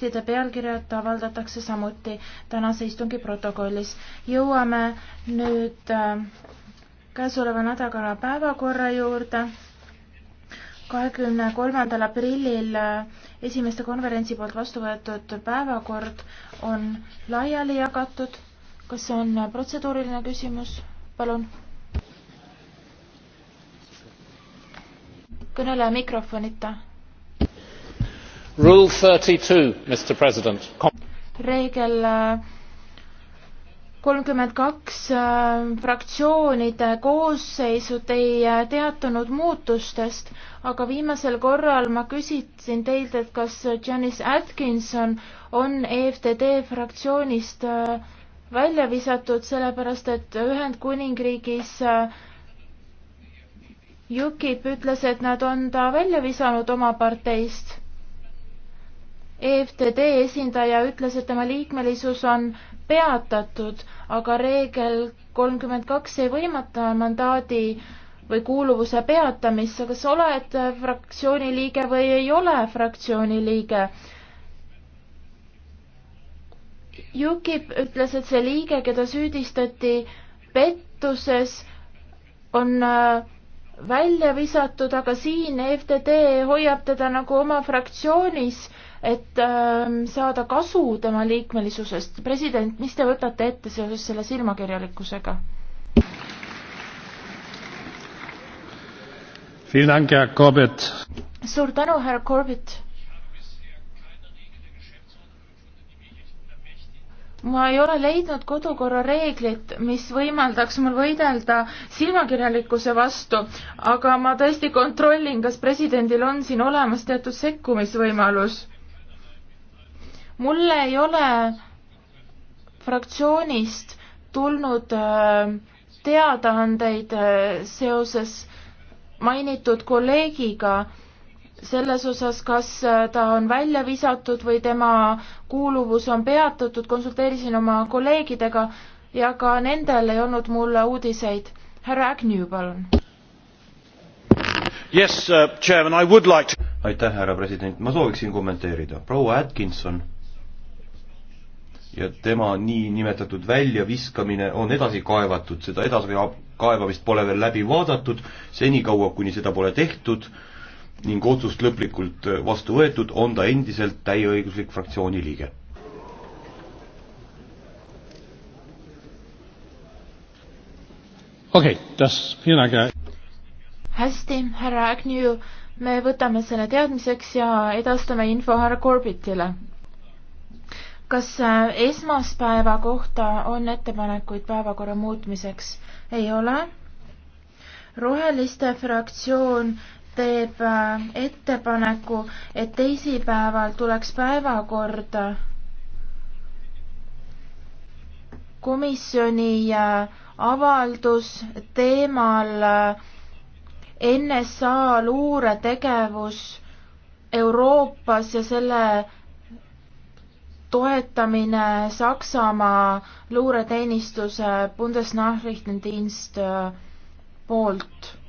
Nende pealkirjad avaldatakse samuti tänase istungi protokollis. jõuame nüüd äh, käesoleva nädala päevakorra juurde. kahekümne kolmandal aprillil äh, esimeste konverentsi poolt vastu võetud päevakord on laiali jagatud. kas see on äh, protseduuriline küsimus? palun. kõneleja mikrofonita reegel äh, kolmkümmend kaks äh, fraktsioonide koosseisud ei äh, teatanud muutustest, aga viimasel korral ma küsisin teilt, et kas Janice Atkinson on EFTD fraktsioonist välja visatud, sellepärast et Ühendkuningriigis UKIP ütles, et nad on ta välja visanud oma parteist EFTD esindaja ütles, et tema liikmelisus on peatatud, aga reegel kolmkümmend kaks ei võimata mandaadi või kuuluvuse peatamisse, kas sa oled fraktsiooni liige või ei ole fraktsiooni liige. Jukib ütles, et see liige, keda süüdistati pettuses, on äh, välja visatud, aga siin FTD hoiab teda nagu oma fraktsioonis, et äh, saada kasu tema liikmelisusest. president, mis te võtate ette seoses selle silmakirjalikkusega? suur tänu, härra Corbett! ma ei ole leidnud kodukorra reeglit, mis võimaldaks mul võidelda silmakirjalikkuse vastu, aga ma tõesti kontrollin, kas presidendil on siin olemas teatud sekkumisvõimalus. mulle ei ole fraktsioonist tulnud äh, teadaandeid äh, seoses mainitud kolleegiga selles osas, kas äh, ta on välja visatud või tema kuuluvus on peatatud, konsulteerisin oma kolleegidega ja ka nendel ei olnud mulle uudiseid. härra Agnew, palun. Yes uh,, chairman, I would like to aitäh, härra president, ma sooviksin kommenteerida, proua Atkinson ja tema niinimetatud väljaviskamine on edasi kaevatud, seda edasi kaevamist pole veel läbi vaadatud, senikaua, kuni seda pole tehtud, ning otsust lõplikult äh, vastu võetud, on ta endiselt täieõiguslik fraktsiooni liige. okei okay,, das, mina käin. hästi, härra Agnew, me võtame selle teadmiseks ja edastame info härra Corbettile. kas äh, esmaspäeva kohta on ettepanekuid päevakorra muutmiseks? ei ole roheliste fraktsioon teeb äh, ettepaneku, et teisipäeval tuleks päevakorda komisjoni äh, avaldus teemal äh, NSA luuretegevus Euroopas ja selle toetamine Saksamaa luureteenistuse Bundesnachrichtendienst poolt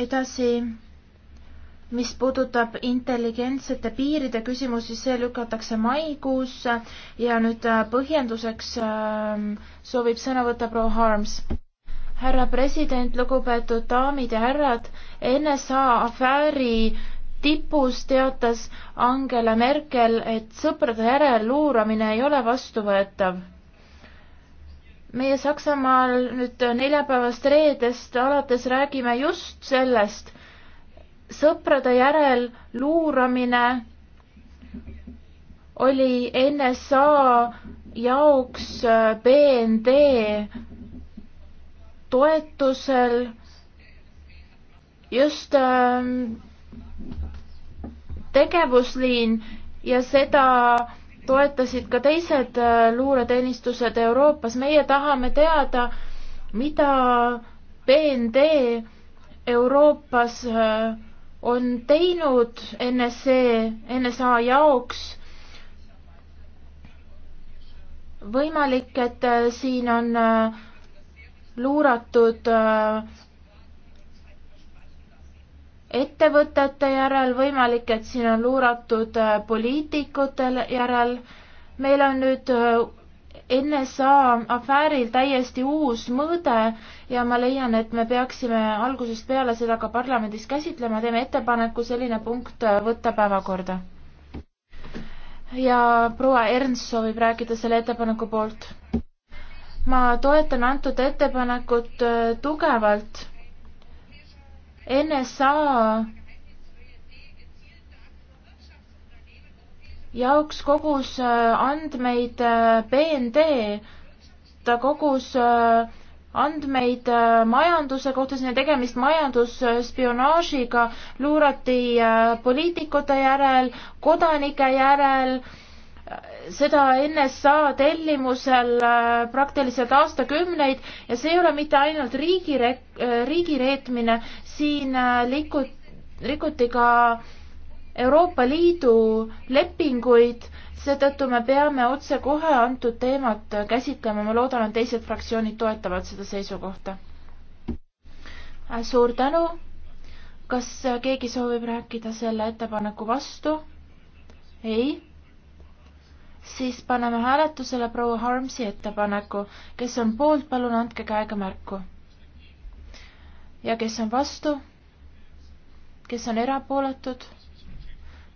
edasi, mis puudutab intelligentsete piiride küsimusi, see lükatakse maikuusse ja nüüd äh, põhjenduseks ähm, soovib sõna võtta proua Harms härra president, lugupeetud daamid ja härrad, NSA afääri tipus teatas Angela Merkel, et sõprade järelluuramine ei ole vastuvõetav meie Saksamaal nüüd neljapäevast reedest alates räägime just sellest, sõprade järel luuramine oli NSA jaoks äh, BND toetusel just ähm, tegevusliin ja seda toetasid ka teised äh, luureteenistused Euroopas. meie tahame teada, mida BND Euroopas äh, on teinud NSE, NSA jaoks. võimalik, et äh, siin on luuratud ettevõtete järel, võimalik, et siin on luuratud äh, poliitikute järel. meil on nüüd äh, NSA afääril täiesti uus mõõde ja ma leian, et me peaksime algusest peale seda ka parlamendis käsitlema, teeme ettepaneku selline punkt äh, võtta päevakorda. ja proua Ernst soovib rääkida selle ettepaneku poolt. ma toetan antud ettepanekut tugevalt NSA jaoks kogus äh, andmeid äh, BND, ta kogus äh, andmeid majanduse kohta, siin on tegemist majandusspionaažiga, luurati poliitikute järel, kodanike järel seda NSA tellimusel äh, praktiliselt aastakümneid ja see ei ole mitte ainult riigi, äh, riigi reetmine, siin äh, likud, rikuti ka Euroopa Liidu lepinguid, seetõttu me peame otsekohe antud teemat käsitlema, ma loodan, et teised fraktsioonid toetavad seda seisukohta. suur tänu, kas keegi soovib rääkida selle ettepaneku vastu? ei siis paneme hääletusele proua Harmsi ettepaneku. kes on poolt, palun andke käega märku. ja kes on vastu? kes on erapooletud?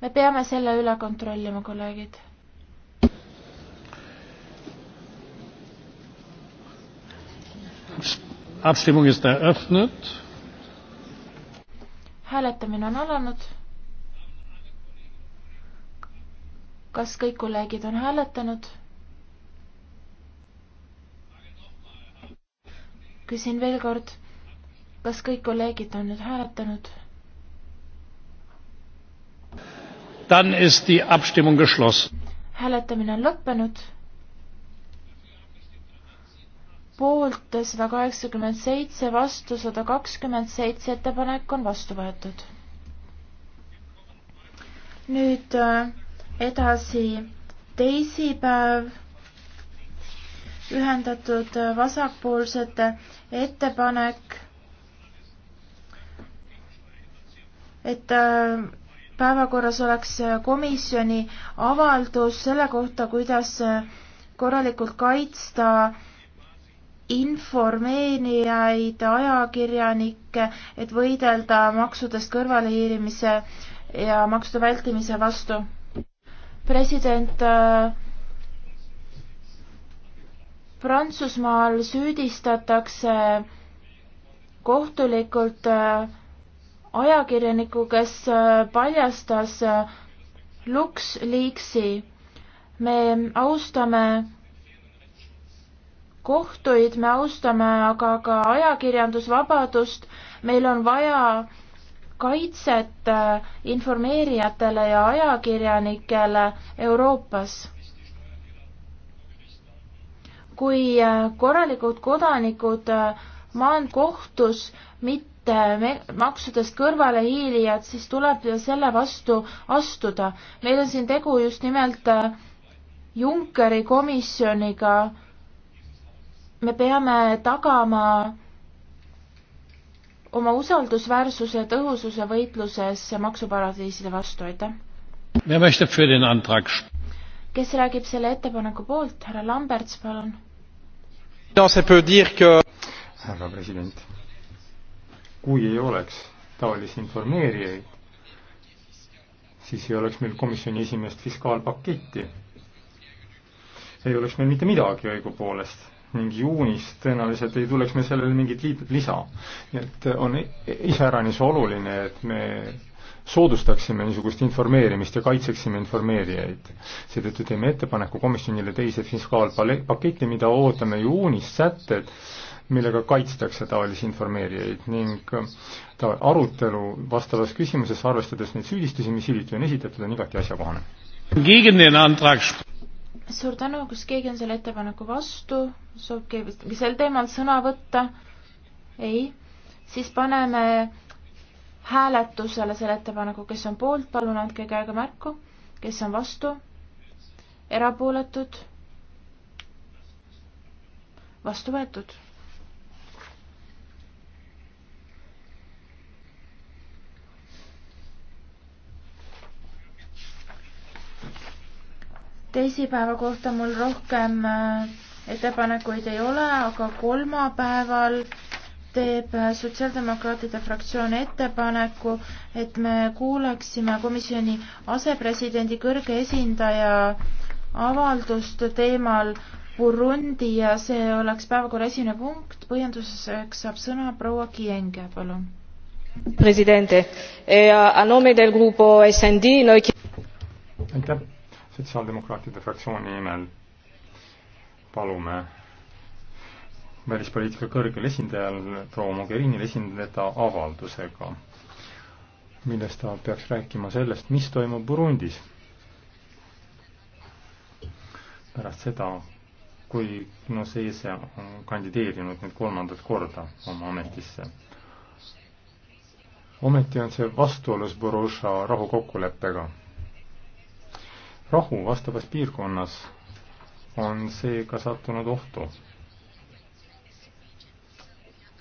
me peame selle üle kontrollima, kolleegid. Abstimmung ist eröffnet. hääletamine on alanud kas kõik kolleegid on hääletanud? küsin veel kord, kas kõik kolleegid on nüüd hääletanud? Dann ist die Abstimmung geschlossen. hääletamine on lõppenud. poolt sada kaheksakümmend seitse, vastu sada kakskümmend seitse, ettepanek on vastu võetud. nüüd äh, edasi teisipäev ühendatud vasakpoolsete ettepanek, et äh, päevakorras oleks komisjoni avaldus selle kohta, kuidas äh, korralikult kaitsta informeerijaid, ajakirjanikke, et võidelda maksudest kõrvalehiilimise ja maksude vältimise vastu president äh, Prantsusmaal süüdistatakse kohtulikult äh, ajakirjanikku, kes äh, paljastas LuxLeaksi. me austame kohtuid, me austame aga ka ajakirjandusvabadust, meil on vaja kaitset äh, informeerijatele ja ajakirjanikele Euroopas. kui äh, korralikud kodanikud äh, maankohtus mitte maksudest kõrvalehiilijad, siis tuleb selle vastu astuda. meil on siin tegu just nimelt Junckeri komisjoniga. me peame tagama oma usaldusväärsuse ja tõhususe võitluses maksuparadiiside vastu, aitäh! kes räägib selle ettepaneku poolt, härra Lamberts, palun? härra president, kui ei oleks taolisi informeerijaid, siis ei oleks meil komisjoni esimest fiskaalpaketti. ei oleks meil mitte midagi õigupoolest ning juunis tõenäoliselt ei tuleks me sellele mingit lisa. nii et on iseäranis oluline, et me soodustaksime niisugust informeerimist ja kaitseksime informeerijaid. seetõttu teeme ettepaneku komisjonile teise fiskaalpaketi, mida ootame juunis, sätted, millega kaitstakse taolisi informeerijaid ning ta arutelu vastavas küsimuses, arvestades neid süüdistusi, mis hiljuti on esitatud, on igati asjakohane suur tänu, kas keegi on selle ettepaneku vastu, soovib keegi sel teemal sõna võtta? ei, siis paneme hääletusele selle ettepaneku, kes on poolt, palun andke käega märku, kes on vastu, erapooletud, vastu võetud teisipäeva kohta mul rohkem äh, ettepanekuid ei ole, aga kolmapäeval teeb äh, Sotsiaaldemokraatide fraktsioon ettepaneku, et me kuulaksime komisjoni asepresidendi kõrge esindaja avaldust teemal Burundi ja see oleks päevakorra esimene punkt. põhjenduseks saab sõna proua Kienge, palun. president, eh, a nome del grupo SND noi. aitäh sotsiaaldemokraatide fraktsiooni nimel palume välispoliitika kõrgel esindajal proua Mogherinil esindada avaldusega, milles ta peaks rääkima sellest, mis toimub Burundis. pärast seda, kui Gnosese on kandideerinud nüüd kolmandat korda oma ametisse. ometi on see vastuolus Borussia rahukokkuleppega rahu vastavas piirkonnas on seega sattunud ohtu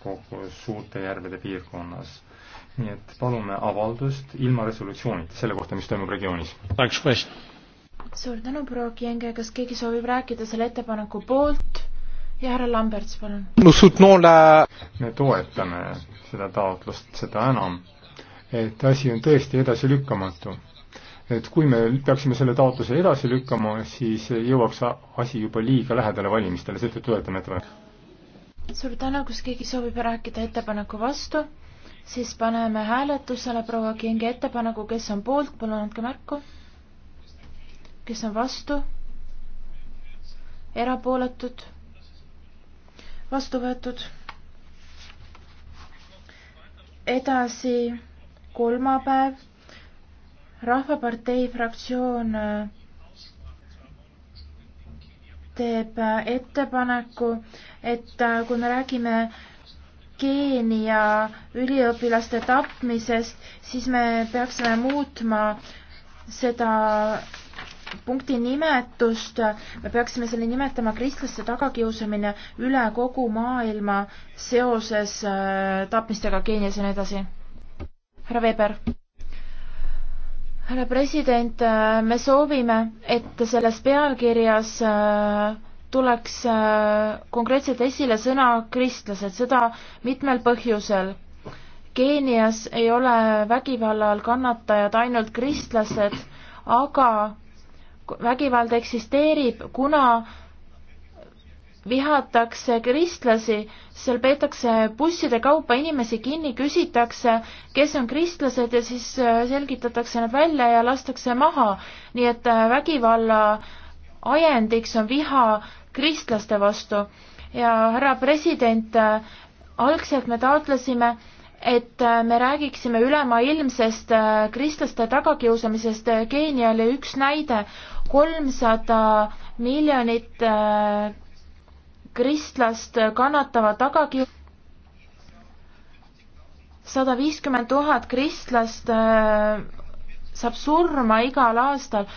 kogu suurte järvede piirkonnas. nii et palume avaldust ilma resolutsioonita selle kohta, mis toimub regioonis. suur tänu, proua Kienge, kas keegi soovib rääkida selle ettepaneku poolt? ja härra Lamberts, palun. me toetame seda taotlust, seda enam, et asi on tõesti edasilükkamatu et kui me peaksime selle taotluse edasi lükkama, siis jõuaks asi juba liiga lähedale valimistele, seetõttu toetame ettepanekut. suur tänu, kas keegi soovib rääkida ettepaneku vastu? siis paneme hääletusele proua Kingi ettepaneku, kes on poolt, palun andke märku. kes on vastu? erapooletud? vastu võetud? edasi kolmapäev rahvapartei fraktsioon äh, teeb äh, ettepaneku, et äh, kui me räägime Keenia üliõpilaste tapmisest, siis me peaksime muutma seda punkti nimetust, me peaksime selle nimetama kristlaste tagakiusamine üle kogu maailma seoses tapmistega Keenias ja nii edasi. härra Veber härra president, äh, me soovime, et selles pealkirjas äh, tuleks äh, konkreetselt esile sõna kristlased, seda mitmel põhjusel. Keenias ei ole vägivalla all kannatajad ainult kristlased, aga vägivald eksisteerib, kuna vihatakse kristlasi, seal peetakse busside kaupa inimesi kinni, küsitakse, kes on kristlased ja siis äh, selgitatakse nad välja ja lastakse maha. nii et äh, vägivalla ajendiks on viha kristlaste vastu. ja härra president, äh, algselt me taotlesime, et me räägiksime ülemaailmsest kristlaste tagakiusamisest. Keenia oli üks näide, kolmsada miljonit kristlast kannatava tagakiusu sada viiskümmend tuhat kristlast äh, saab surma igal aastal.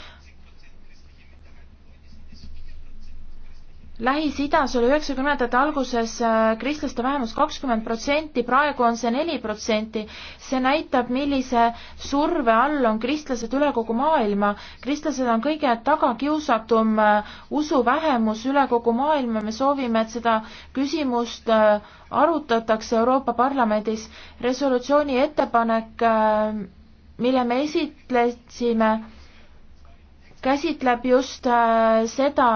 Lähis-Idas oli üheksakümnendate alguses äh, kristlaste vähemus kakskümmend protsenti, praegu on see neli protsenti. see näitab, millise surve all on kristlased üle kogu maailma. kristlased on kõige tagakiusatum äh, usuvähemus üle kogu maailma, me soovime, et seda küsimust äh, arutatakse Euroopa Parlamendis. resolutsiooni ettepanek, mille me esitlesime, käsitleb just seda,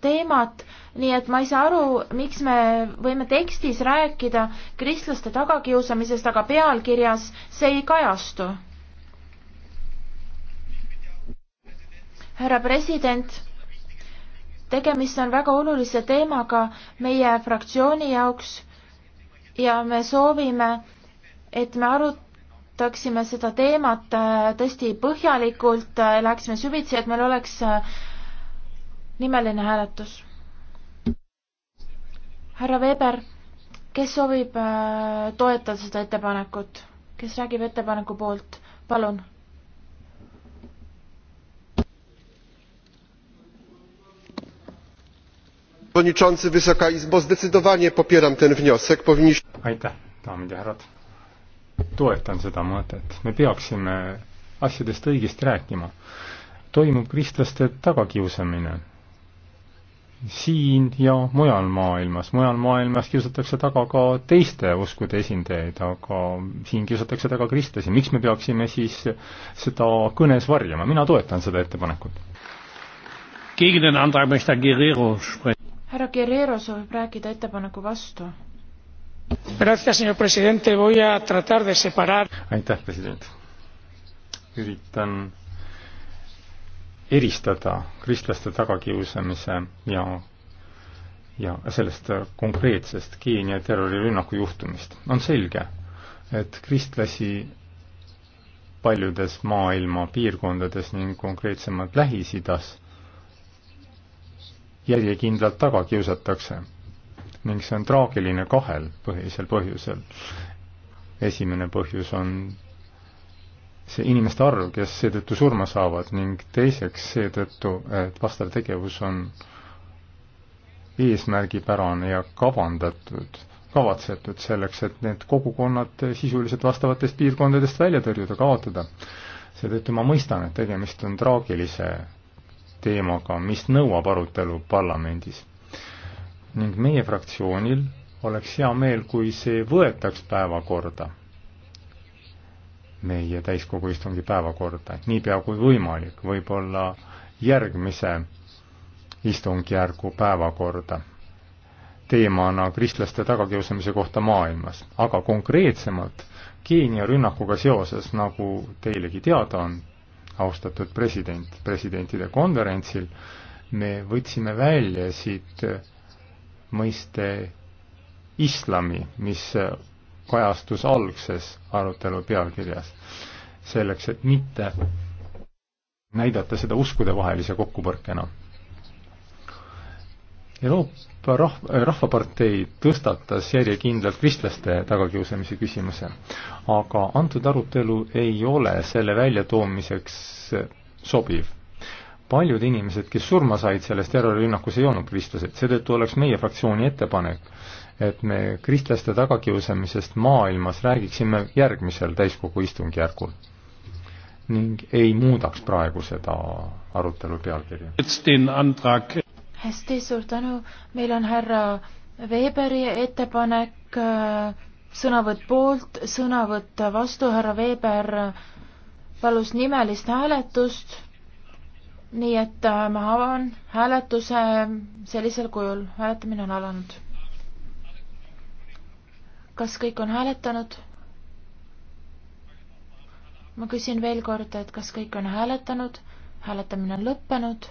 teemat, nii et ma ei saa aru, miks me võime tekstis rääkida kristlaste tagakiusamisest, aga pealkirjas see ei kajastu. härra president, tegemist on väga olulise teemaga meie fraktsiooni jaoks ja me soovime, et me arut-, arutaksime seda teemat äh, tõesti põhjalikult, äh, läheksime süvitsi, et meil oleks äh, nimeline hääletus. härra Weber, kes soovib äh, toetada seda ettepanekut, kes räägib ettepaneku poolt, palun? przewodniczący! wysoka izbo! zdecydowanie popieram ten wniosek. powinniśmy toetan seda mõtet. me peaksime asjadest õigesti rääkima. toimub kristlaste tagakiusamine siin ja mujal maailmas. mujal maailmas kiusatakse taga ka teiste uskude esindajaid, aga siin kiusatakse taga kristlasi. miks me peaksime siis seda kõnes varjama? mina toetan seda ettepanekut. härra Guerrero soovib rääkida ettepaneku vastu. aitäh, president. üritan eristada kristlaste tagakiusamise ja, ja sellest konkreetsest Keenia terrorirünnaku juhtumist. on selge, et kristlasi paljudes maailma piirkondades ning konkreetsemalt Lähis-Idas järjekindlalt taga kiusatakse ning see on traagiline kahel põhilisel põhjusel. esimene põhjus on see inimeste arv, kes seetõttu surma saavad ning teiseks seetõttu, et vastav tegevus on eesmärgipärane ja kavandatud, kavatsetud selleks, et need kogukonnad sisuliselt vastavatest piirkondadest välja tõrjuda, kaotada. seetõttu ma mõistan, et tegemist on traagilise teemaga, mis nõuab arutelu parlamendis. ning meie fraktsioonil oleks hea meel, kui see võetaks päevakorda meie täiskogu istungi päevakorda, et niipea kui võimalik, võib-olla järgmise istungjärgu päevakorda teemana kristlaste tagakiusamise kohta maailmas, aga konkreetsemalt Keenia rünnakuga seoses, nagu teilegi teada on, austatud president, presidentide konverentsil, me võtsime välja siit mõiste islami, mis kajastus algses arutelu pealkirjas. selleks, et mitte näidata seda uskudevahelise kokkupõrkena. Euroopa rahv-, Rahvapartei tõstatas järjekindlalt kristlaste tagakiusamise küsimuse, aga antud arutelu ei ole selle väljatoomiseks sobiv. paljud inimesed, kes surma said selles terrorirünnakus, ei olnud kristlased, seetõttu oleks meie fraktsiooni ettepanek et me kristlaste tagakiusamisest maailmas räägiksime järgmisel täiskogu istungjärgul ning ei muudaks praegu seda arutelu pealkirja. hästi, suur tänu, meil on härra Weberi ettepanek, äh, sõnavõtt poolt, sõnavõtt vastu, härra Weber palus nimelist hääletust, nii et äh, ma avan hääletuse sellisel kujul, hääletamine on alanud kas kõik on hääletanud? ma küsin veel kord, et kas kõik on hääletanud? hääletamine on lõppenud.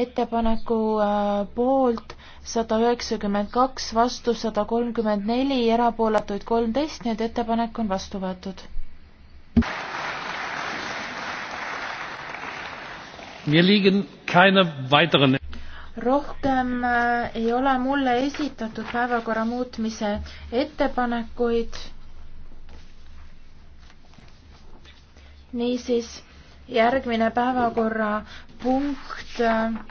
ettepaneku äh, poolt sada üheksakümmend kaks, vastu sada kolmkümmend neli, erapooletuid kolmteist, nii et ettepanek on vastu võetud. mir liegen keine weiteren rohkem äh, ei ole mulle esitatud päevakorra muutmise ettepanekuid. niisiis järgmine päevakorrapunkt äh,